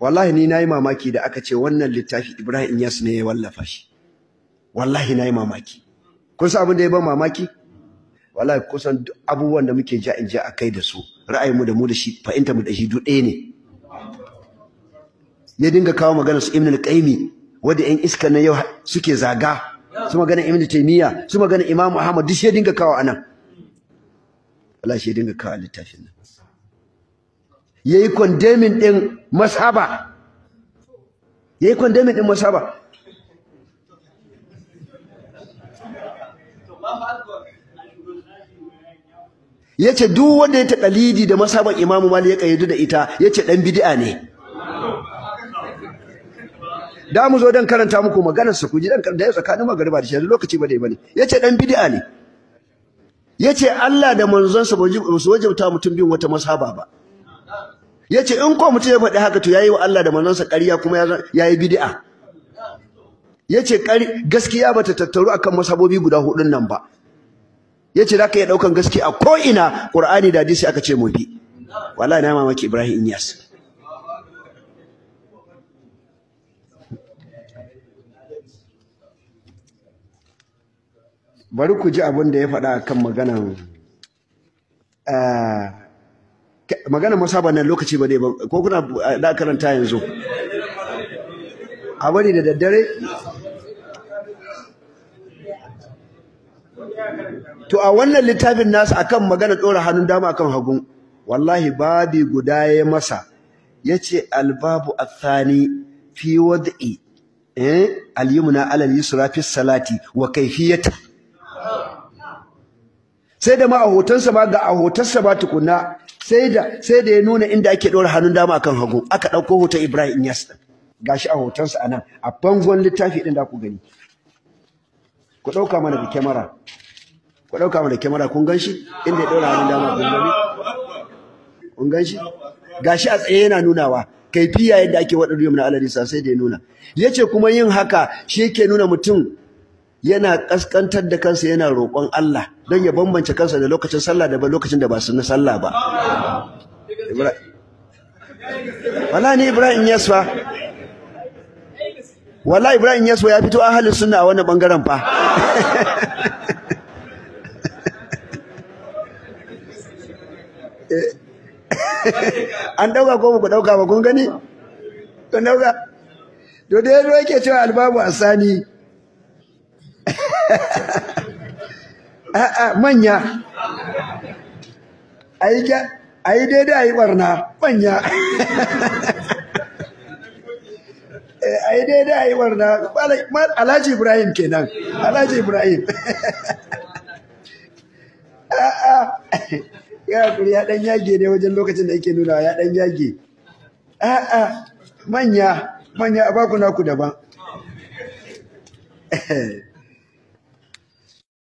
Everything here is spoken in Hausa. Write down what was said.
wallahi ni nayi mamaki da aka ce wannan littafi Ibrahim Yas ne ya wallafa shi wallahi nayi mamaki kun san abin da ya ban mamaki wallahi kusan abubuwan da muke ja in ja akai da su ra'ayinmu da mu da shi fa'inta mu da shi duk ɗaya ne ya dinga kawo magana su Ibnul al-Qayyim wanda ƴan iska na yau suke zaga su magana Ibn Taymiya su magana Imam Ahmad duk ya dinga kawo anan wallahi shi ya dinga kawo littafin nan yayi condemning din mas'aba, yayi condemning din mashaba yace duk wanda ya lidi da masaban imamu mali ya kayyadu da ita yace dan bid'a ne da mu zo dan karanta muku maganar sa ku ji dan da ya tsakanin magariba da shi lokaci ba dai bane yace dan bid'a ne yace Allah da manzon sa ba su wajabta mutum bin wata masaba ba yace in ko mutum ya faɗi haka to yayi wa Allah da manansa ƙarya kuma ya yi ya yace gaskiya bata tattaru akan masabobi guda hudun nan ba yace zaka iya ɗaukan gaskiya ko ina ƙur'ani da hadisi aka ce mu bi wallahi na mamaki Ibrahim Inyas bari ku ji abin da ya faɗa akan maganan eh, magana ba nan lokaci ba ne ba ko kuna eh, da karanta yanzu a bari da daddare to a wannan littafin nasa akan magana ɗora hannun dama akan hagun wallahi babi guda ya masa yace albabu athani fi wad'i eh al-yumna ala al-yusra salati wa ta? sai da ma a hotonsa ma ga a hotonsa ba tukuna sai da sai da ya nuna inda ake ɗora hannun dama kan hagu aka ɗauko hoton Ibrahim Inyas din gashi a hotonsa a nan a bangon littafi ɗin da ku gani ku ɗauka mana da kyamara ku ɗauka mana da kyamara kun gan shi inda ya ɗora hannun dama kun gani kun gan shi gashi a tsaye yana nunawa fiya yadda ake waɗa riyom na alalisa sai da ya nuna yace kuma yin haka shi ke nuna mutum yana kaskantar da kansa yana roƙon Allah don ya bambance kansa da lokacin sallah da lokacin da ba su na sallah ba wala ni Ibrahim Yesuwa wala Ibrahim Yesuwa ya fito ahalin suna a wani bangaren fa an dauka ko ku dauka ba kun gani kun dauka ya da yake cewa albabu asani a'a manya yi daidai a yi barna manya eh, yi daidai a yi barna alhaji ibrahim kenan alhaji ibrahim a'a ya kuri ya dan yage ne wajen lokacin da yake nuna ya dan yage a'a manya manya a baku naku daban